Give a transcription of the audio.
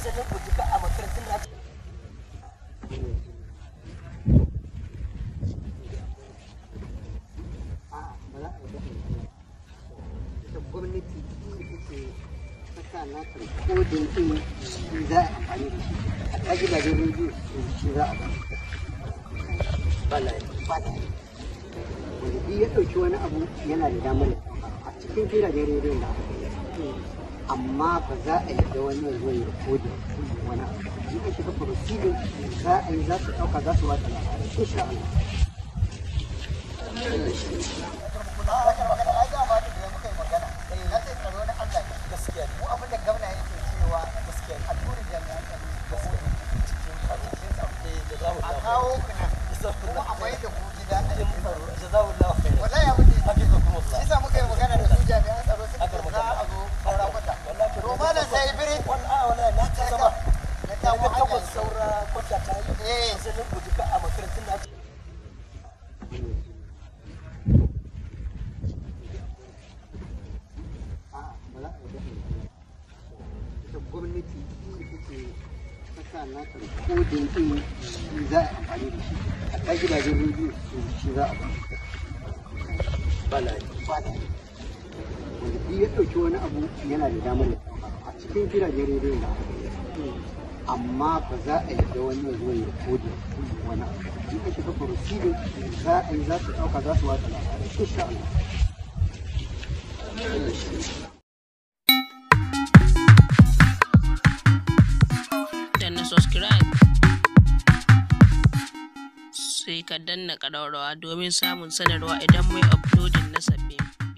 sai na guji ba a makarantar na gwamnati da take na ko da yake shi za a amfani da shi a kaji ba da rediyo shi za a da bala wanda ya ɗauki wani abu yana da damar a cikin gidajen rediyon da aka amma ba za a da wani zuwa ya kodin wani abu in shiga proceeding za a yi za su ɗauka za su wata labarai insha Allah. A kawo kuna kuma a mai da faru, eh gwamnati take saka na za a amfani da shi a gidajen rediyo shi za a ba wanda ya ɗauki wani abu yana da damar ya a cikin gidajen rediyo na amma ba za a yi da wani zuwa ya kodin wani abu in ka kafa kurusi ne za a yi za su ɗauka za su wata labarai su Allah. Danna sai ka danna ƙararrawa domin samun sanarwa idan mai uploading na sabbin.